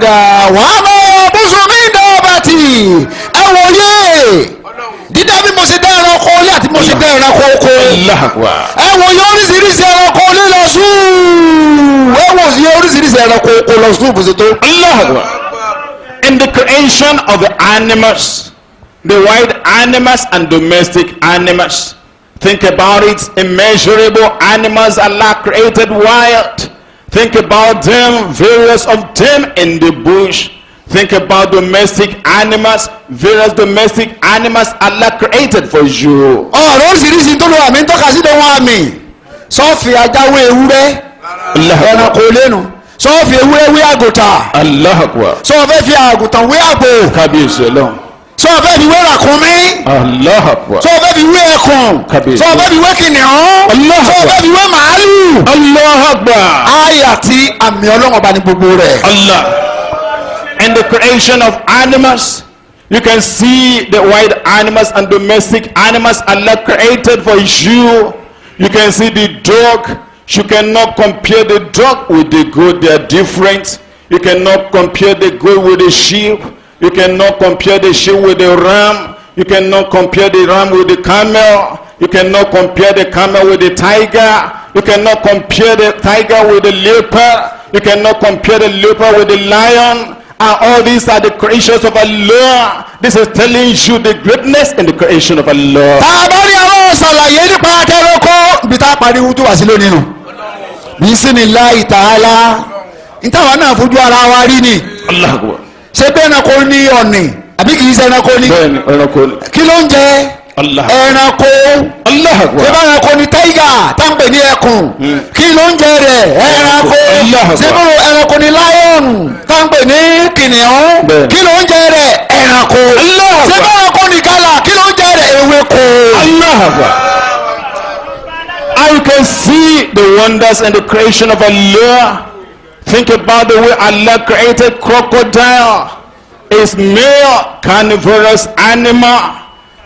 ọ̀dà wàá mọ bùsùn mi dọ̀bàtì ẹ wòye dídá bí mo ṣe dá ẹranko ilé àti mo ṣe dá ẹranko oko ẹ wòye oríṣiríṣi ẹranko ilé lọ sùn ẹ wòye oríṣiríṣi ẹranko oko lọ sùn bùsùn tó. In the creation of the animals, the wild animals and domestic animals. Think about it, immeasurable animals Allah created wild. Think about them, various of them in the bush. Think about domestic animals, various domestic animals Allah created for you. Ọ̀rọ̀ oríṣiríṣi tó lọ àmì tọ́ka sí lọ́wọ́ àmì. Sọ́ọ̀fì ajáwé ewúrẹ́ ẹranko lẹ́nu. Sọ́ọ̀fì ewúrẹ́ wí àgùntàn. Allahu Akbar. Sọ́ọ̀fì fi àgùntàn wí àgbò. Kábíyèsí Ọlọ́run sọ bẹ́ẹ̀ fi wé ràkúnmí. sọ bẹ́ẹ̀ fi wé ẹkùn. sọ bẹ́ẹ̀ fi wé kìnìún. sọ bẹ́ẹ̀ fi wé màálù. àyà tí àmì ọlọ́wọ́n bá ní gbogbo rẹ̀. In the creation of animals, you can see the wild animals and domestic animals Allah created for you. You can see the dog. You cannot compare the dog with the goat. They are different. You cannot compare the goat with the sheep. You cannot compare the sheep with the ram. You cannot compare the ram with the camel. You cannot compare the camel with the tiger. You cannot compare the tiger with the leopard. You cannot compare the leopard with the lion. And all these are the creations of Allah. This is telling you the greatness and the creation of Allah. Tábàrí àwọn ṣàlàyé nípa akẹ́rọ́kọ́ ibi tá a parí wútú wá sí lónìí nù. Bísí ni láì tààlà. Ntàwọn náà fojú ara wa rí ni. Allahu Akbar ṣé bẹ́ẹ̀ ẹranko ní ọ̀nì àbí kì í ṣe ẹranko ní. bẹ́ẹ̀ni ẹranko ní. kí ló ń jẹ ẹranko ṣé bá ẹranko ní táyà táǹpẹ̀ ní ẹkùn hmm. kí ló ń jẹ rẹ̀ ẹranko ṣé bá ẹranko ní láyọ̀nù táǹpẹ̀ ní kìnìún kí ló ń jẹ rẹ̀ ẹranko ṣé bá ẹranko ní gálà kí ló ń jẹ rẹ̀ ewéko. I can see the wonders and the creation of Allah. Think about the way Allah created crocodile. It's male carnivorous animal.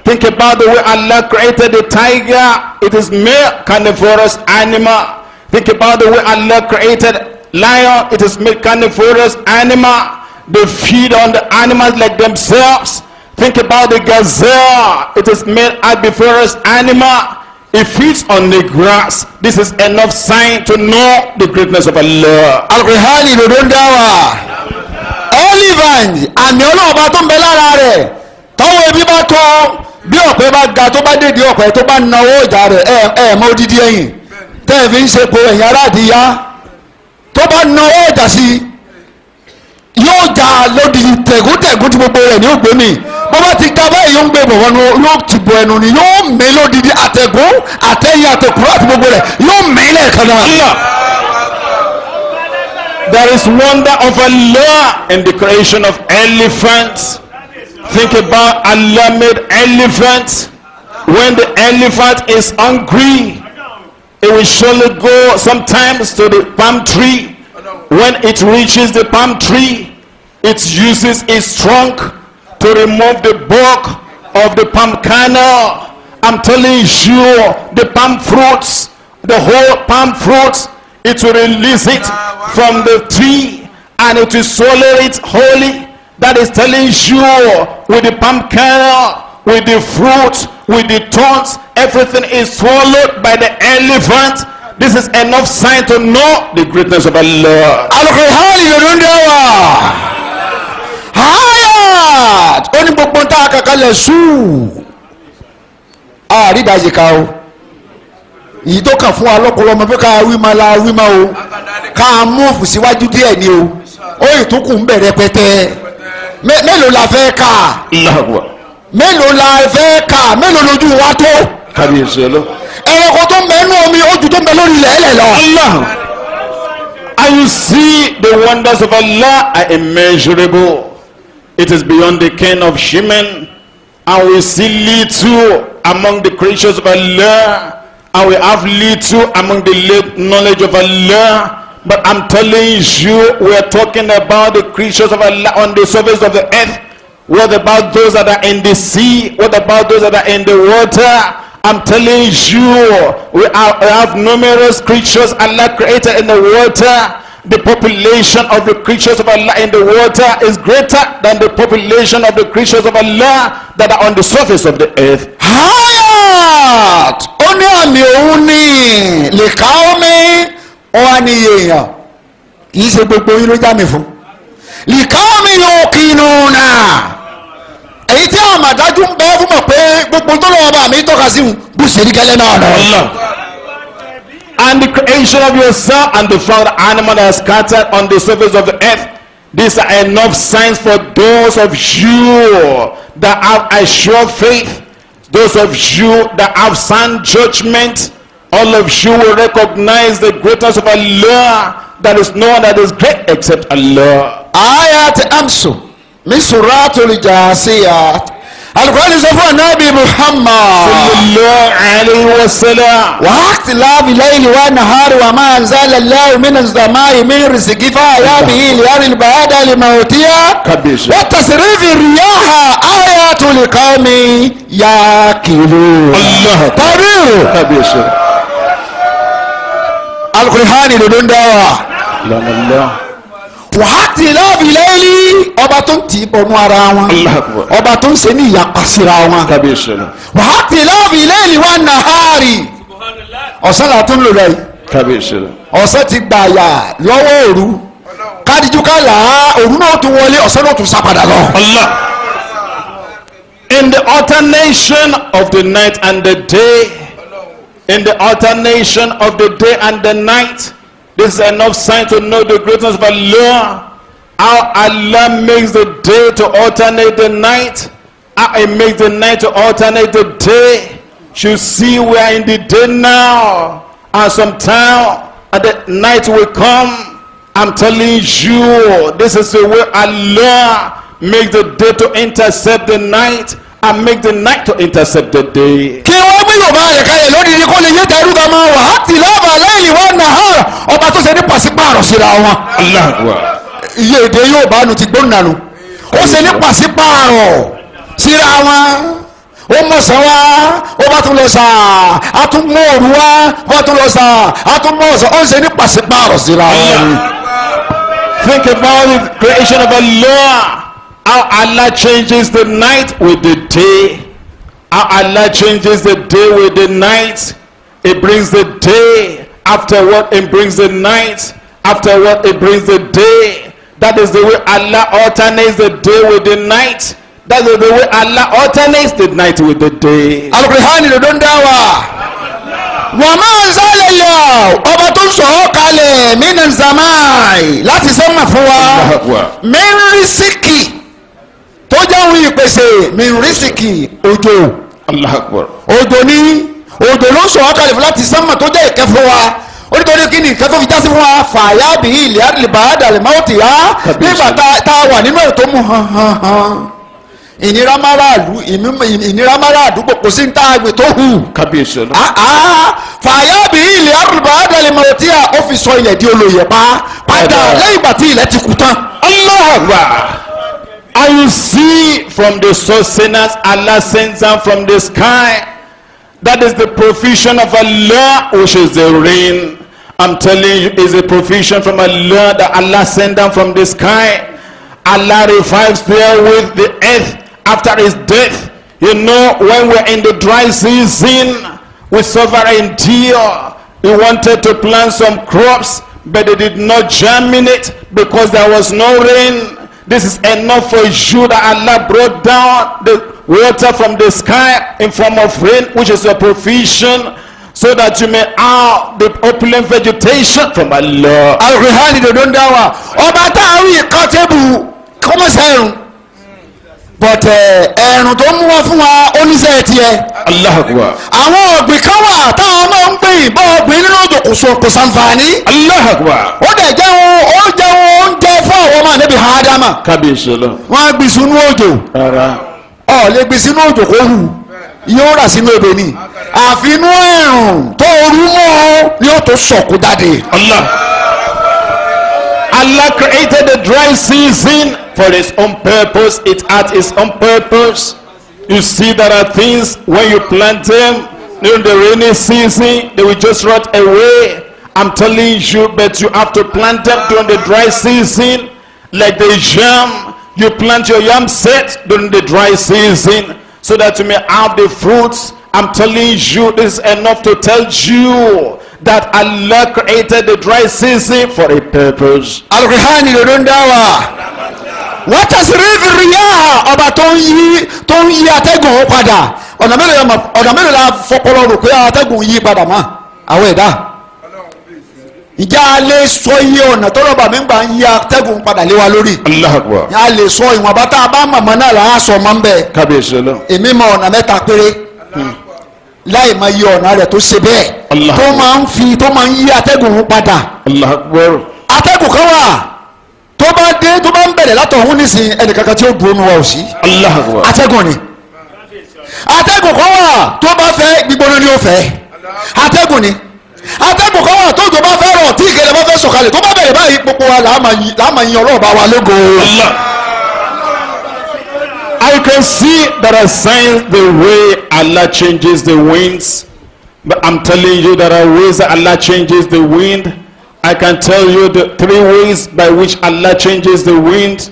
Think about the way Allah created the tiger. It is male carnivorous animal. Think about the way Allah created lion. It is male carnivorous animal. They feed on the animals like themselves. Think about the gazelle. It is male herbivorous animal. It feeds on the grass this is enough sign to know the greatness of Allah. alukihali dodo ń dá wa olivan àmì ọlọ́ọ̀bá tó ń bẹ lára rẹ̀ tọ́wọ́ ebi bá kọ́ bí ọ̀pẹ bá ga tó bá dédé ọ̀pẹ tó bá nawó ìjà rẹ̀ ẹ ẹ mọ odidi ẹ̀yìn tẹ́ ẹ fi ń ṣe ẹ̀yìn aráàdìyá tó bá nawó ìjà sí yóò jà lódì tẹ̀gútẹ̀gú tí gbogbo rẹ̀ ní ògbómi. ti ti bọ̀ ni There is wonder of Allah in the creation of elephants. Think about Allah made elephants. When the elephant is hungry, it will surely go sometimes to the palm tree. When it reaches the palm tree, it uses its trunk to remove the bulk of the palm kernel. I'm telling you, the palm fruits, the whole palm fruits, it will release it from the tree and it will swallow it wholly. That is telling you, with the palm kernel, with the fruit, with the thorns, everything is swallowed by the elephant. This is enough sign to know the greatness of Allah. kankan lẹ̀ sùúrù àrídàjì ká o èyí tó kàn fún wa lọ́kùnrin ọmọ pé ká wímọ la wímọ o ká múfù síwájú díẹ̀ ni o ó ìtúkù ń bẹ̀rẹ̀ mélòó la fẹ́ kà mélòó la fẹ́ kà mélòó lójú wa tó kábíyèsí tó ń bẹ inú omi ojú tó ń bẹ lórí ilẹ̀ lọ. Allah, I see the wonders of Allah are immeasurable. It is beyond the ken of Shemen. And we see little among the creatures of Allah. And we have little among the knowledge of Allah. But I'm telling you, we are talking about the creatures of Allah on the surface of the earth. What about those that are in the sea? What about those that are in the water? I'm telling you, we, are, we have numerous creatures Allah created in the water. the population of the creatures of Allah in the water is greater than the population of the creatures of Allah that are on the surface of the earth. Hayat! Ó ní àmì òun ni lìkà omi ọ̀hún ni èèyàn kì í ṣe gbogbo yín ló já mi fún. Lìkà omi yóò kinu náà. Èyí tí àmàdájú ń bẹ́ fún mọ̀ pé gbogbo tó lọ́wọ́ bá mi tọ́ka sí bùsùn ìdígẹ́lẹ́ náà and the creation of yourself and the found animal that is scattered on the surface of the earth. These are enough signs for those of you that have a sure faith, those of you that have sound judgment. All of you will recognize the greatness of Allah. That is no one that is great except Allah. Ayat Amsu. Misuratul Jasiyat. القرآن يسافر النبي محمد صلى الله عليه وسلم وحقت الله بليل ونهار وما أنزل الله من الزماء من رزق فأيا به ليار البعادة لموتية كبيرة وتصريف الرياح آيات لقوم يأكلون الله طبيعي كبيرة القرآن يدون دواء لا الله wàhátì láàbì lẹ́yìn ọba tó ń tì í bọnú ara wọn ọba tó ń ṣe ní ìyapa síra wọn wàhátì láàbì lẹ́yìn wọn nàhárì ọ̀sán là tún lò lẹ́yìn ọ̀sán ti gbà yà lọ́wọ́ òru kádìjú ká òru náà tún wọlé ọ̀sán náà tún sápadà lọ. in the alternation of the night and the day in the alternation of the day and the night. This is enough sign to know the greatness of Allah. How Allah makes the day to alternate the night. How He makes the night to alternate the day. You see, we are in the day now. And sometime at the night will come. I'm telling you, this is the way Allah makes the day to intercept the night and make the night to intercept the day. kí wọ́n gbé yorùbá àyẹ̀ká yẹn lórí ní lè yé ẹrú máa wà á lọ́ọ̀bà lẹ́yìn wọn nàá ọba tó ṣe ní pàṣípààrọ̀ síra wọn. iye èdè yóò bá nu ti gbóná nu ó ṣe ní pàṣípààrọ̀ síra wọn ó mọ̀sán wá ó bá tún lọ sà á tún mú òru wá ó tún lọ sà á tún mú ọ̀sán ó ṣe ní pàṣípààrọ̀ síra wọn. Think about the creation of Allah. How Allah changes the night with the day. How Allah changes the day with the night it brings the day, after what, it brings the night, after what. it brings the day. That is the way Allah alternates the day with the night. That is the way Allah alternates the night with the day. Al-Qur'an ló ń dá wa. wọ́n máa ń sálẹ̀ lọ ọba tó ń sọ̀rọ̀ kalẹ̀ mínà zamai láti sẹ́mà fún wa mẹ́rìnsìkì tó jẹ́ òun ìpèsè mẹ́rìnsìkì òjò òjò ní òjò ló ń sọ̀rọ̀ kalẹ̀ fún láti sánmà tó jẹ́ ìkẹ́ fún wa onítorí kí ni nǹkan tó fi jásí fún wa fàyà bí ilẹ̀ àdìlìbàdà lè máa tì á nígbà tá a wà nínú ẹ̀ tó mú hàn hàn hàn ìnira maraàlú ìnira maraàlú kò sí níta àgbè tó hù. kábíyèsí ọlọ. Ah, ah. fàyà bí ilẹ̀ àdìlìbàdà lè máa tì á ó fi sọ ilẹ̀ di olóyè pa padà lẹ́yìn ìgbà tí ilẹ̀ ti kú tán. aláàbà. I will see from the sinners, Allah sends them from the sky That is the provision of Allah, which is the rain. I'm telling you, is a provision from Allah that Allah sent down from the sky. Allah revives with the earth after his death. You know, when we're in the dry season, we suffer in tear. We wanted to plant some crops, but they did not germinate because there was no rain. This is enough for you that Allah brought down the water from the sky in form of rain which is your provision so that you may have the opulent vegetation from Allah. àrùhánì dòdò ń dá wa ọba táwọn ìkan tébù kọ́mọ̀sẹ̀rùn but eh, ẹ̀rùn tó mú wá fún wa oníṣẹ́ tiẹ̀. Allahu Akbar. àwọn ọ̀gbìn kan wà táwọn máa ń gbìn bọ́ ọ̀gbìn nínú òjò kò so kò sànfààní. Allahu Akbar. ó dẹ̀ jẹun ó jẹun oúnjẹ fún àwọn ọmọ Ànábì Ádámà. kábíyèsí lọ. wọ́n á gbìn sunu òjò ọ sínú òjò yóò rà sínú odò ni àfinú ẹ̀rùn tó orú mọ́ ni ó tó sọ̀kú jáde. Allah created the dry season for his own purpose it had his own purpose you see there are things when you plant them during the rainy season they will just rot away I'm telling you but you have to plant them during the dry season like the germ You plant your yam set during the dry season so that you may have the fruits. I'm telling you, this is enough to tell you that Allah created the dry season for a purpose. Al-Qur'an ló ń dá wa. Wọ́n tẹ̀sírìfì ríyà ọba tó ń yí tó ń yí atẹ́gùn padà. Ọ̀nà mélòó la fọpọlọ rò pé atẹ́gùn yí padà mọ́ àwọn ẹ̀dá ìjà alẹ́ sọ iye ọ̀nà tọ́lọ̀ bàmí gbà ń yí atẹ́gùn padà lé wa lórí. Allahu Akbar. ìyá alẹ́ sọ ìwọ̀n bá tá a bá màmá náà là á sọ mọ́ ń bẹ̀. kábíyèsí lọ. èmi mọ ọ̀nà mẹ́ta péré hmm. láì máa yí ọ̀nà rẹ̀ tó ṣe bẹ́ẹ̀. Allahu Akbar. tó máa ń fi tó máa ń yí atẹ́gùn padà. Allahu atẹ́gùn kan wà tó bá dé tó bá ń bẹ̀rẹ̀ látọ̀hún nísìnyí ẹnìkankan tí ó bu wa ò sí. Allahu Akbar. atẹ́gùn ni atẹ́gùn atẹ́gùn ni atẹ́gùn kan wà tó jò bá fẹ́ rọ̀ tí ìgẹ̀lẹ̀ bá fẹ́ sọ̀kalẹ̀ tó bá bẹ̀rẹ̀ báyìí gbogbo wa làá máa yin ọlọ́ọ̀bá wa lógo. I can see there are signs the way Allah changes the winds but I'm telling you there are ways Allah changes the wind I can tell you the three ways by which Allah changes the wind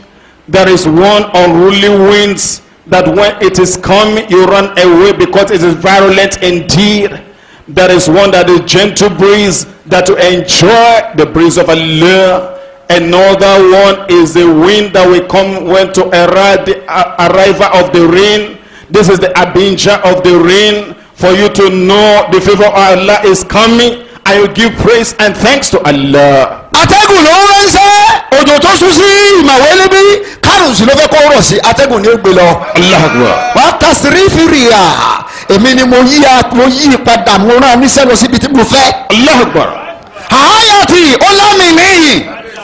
there is one unruly winds that when it is coming you run away because it is violent indeed. That is one that is gentle breeze that to enjoy the breeze of Allah. Another one is the wind that will come when to arrive the uh, arrival of the rain. This is the abinja of the rain for you to know the favor of Allah is coming I will give praise and thanks to Allah. atẹ́gùn ló ń ránṣẹ́ òjò tó sùn sí ìmàwé níbí kárùn sí ló fẹ́ kó rọ̀ sí atẹ́gùn ni ó gbé lọ. Allahu Akbar. wàá kà sí èmi ni mo yí mo yí padà mo rán aníṣẹ́ lọ síbi tí mo fẹ́. Allahu Akbar. ó lámì níyìn.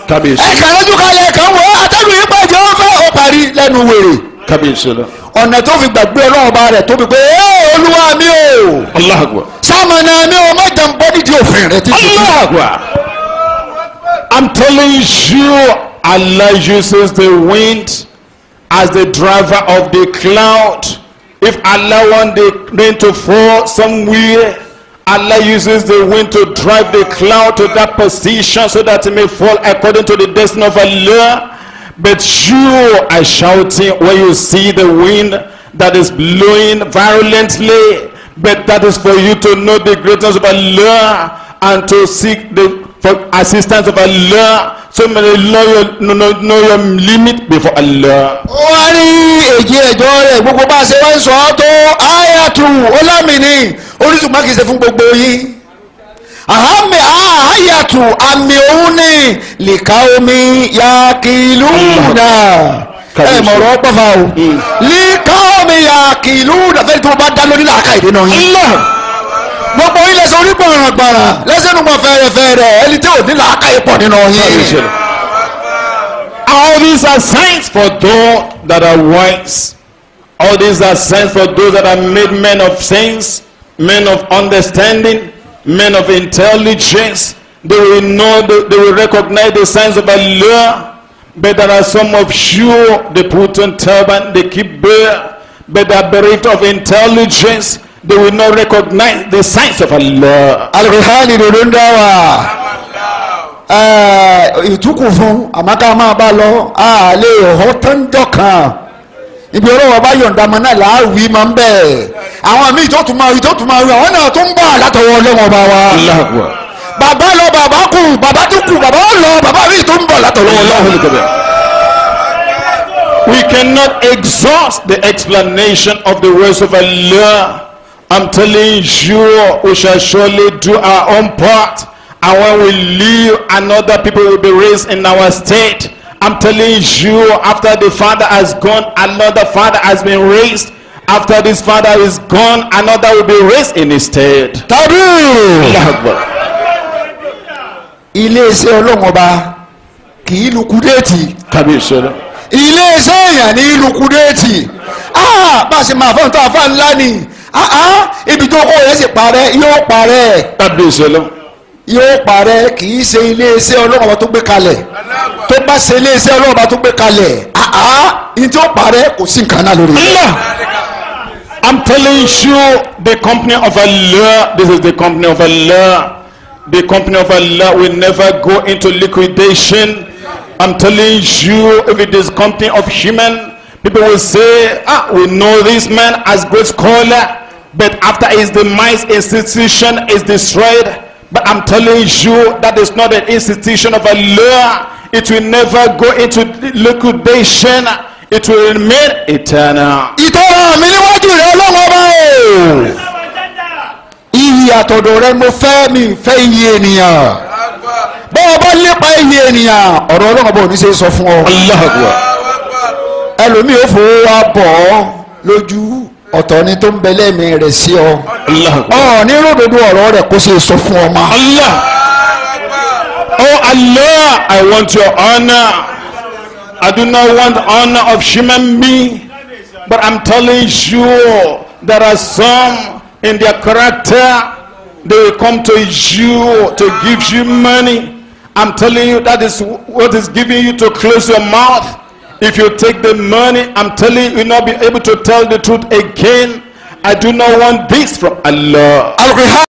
kábíyèsí ẹ kàn lójú kalẹ̀ kàn wọ́ atẹ́gùn yìí pàjọ ó fẹ́ ó parí lẹ́nu wèrè. kábíyèsí lọ. ọ̀nà tó fi gbàgbé ọlọ́run bá rẹ̀ tó pé ee olúwa mi o. Allahu sámánà mi o má jẹun bọ́ nídìí òfin rẹ ti sùn. I'm telling you, Allah uses the wind as the driver of the cloud. If Allah wants the rain to fall somewhere, Allah uses the wind to drive the cloud to that position so that it may fall according to the destiny of Allah. But you are shouting when you see the wind that is blowing violently. But that is for you to know the greatness of Allah and to seek the assistance of Allah so many know your know, know your limit before Allah. wọ́n rí èjì ẹ̀jọ́ rẹ̀ gbogbo bá a ṣe wá ń sọ ọ́ tó ayatu olamini orísun má kìí ṣe fún gbogbo yìí. àhámi ayatu àmì òun ni lìkà omi yakilu náà ẹ mọ̀rọ̀ pọ̀fà o hmm. lìkà omi yakilu náà fẹ́ẹ́ tí mo bá dá lórí làákà ìdènà yìí. gbogbo ilẹ̀ sọ onígbọ̀nràn gbàrà lẹ́sẹ̀. fẹ́rẹ́fẹ́rẹ́ ẹni tí ò ní làákàyè pọ̀ nínú yín. all these are signs for those that are wise all these are signs for those that are made men of sense men of understanding men of intelligence they will know they will recognize the signs of Allah but there are some of sure they put on turban they keep bare but they are bereft of intelligence they will not recognize the signs of Allah. alihali dodo ń dá wa ìtukù fún àmàkà máa bá lọ àlè ọ̀họ́ tẹ́ńdọ̀ kan ibi olówó bá yọ̀ǹda ọmọ náà láàwí máa ń bẹ̀ àwọn míì tó máa rí tó máa rí àwọn náà tó ń bọ̀ látọwọ́ ọlọ́wọ́n bá wa bàbá lọ bàbá kù bàbá tó kù bàbá lọ bàbá míì tó ń bọ̀ látọwọ́ ọlọ́wọ́n bá We cannot exhaust the explanation of the words of Allah. I'm telling you, we shall surely do our own part. And when we leave, another people will be raised in our state. I'm telling you, after the father has gone, another father has been raised. After this father is gone, another will be raised in his stead. Tabu. Ilé-iṣẹ́ Ọlọ́run ọba kì í lukudeeti. Kabir sọ́dọ̀. Ilé-iṣẹ́ èèyàn ní lukudeeti. Ah! Bá a ṣe máa fọ́n tó àfa ńlá ni ibi tó kó yẹn sì parẹ́ yóò parẹ́. kábíyèsí ọlọ́run. yóò parẹ́ kì í ṣe iléeṣẹ́ ọlọ́run ọba tó gbé kalẹ̀ tó bá ṣe iléeṣẹ́ ọlọ́run ọba tó gbé kalẹ̀ ní tí ó parẹ́ kò sí nǹkan náà lórí rẹ̀. I'm telling you the company of Allah this is the company of Allah the company of Allah will never go into liquidation I'm telling you if it is company of human People will say, ah, we know this man as great scholar, but after his demise, institution is destroyed. But I'm telling you, that is not an institution of a Allah. It will never go into liquidation. It will remain eternal. Ìtọ́ra mi níwájú rẹ̀ ọlọ́run ọba o. Iyì àtọ̀dọ̀ rẹ mo fẹ́ mi fẹ́ iyì ènìyàn. Bọ́ọ̀ bá lépa iyì ènìyàn, ọ̀rọ̀ ọlọ́run ọba ò ní ṣe sọ fún ọ. Allahu Akbar ẹlòmíì ó fowó wa bọ̀ ọ́ lójú ọ̀tọ̀ ni tó ń bẹ lẹ́mìí rẹ̀ sí ọ ọ ní ròdòdó ọ̀rọ̀ rẹ̀ kó ṣe sọ fún ọ oh Allah I want your honour I do not want honour of human being but I'm telling you there are some in their character they will come to you to give you money I'm telling you that is what is giving you to close your mouth. If you take the money, I'm telling you, you'll not be able to tell the truth again. I do not want this from Allah.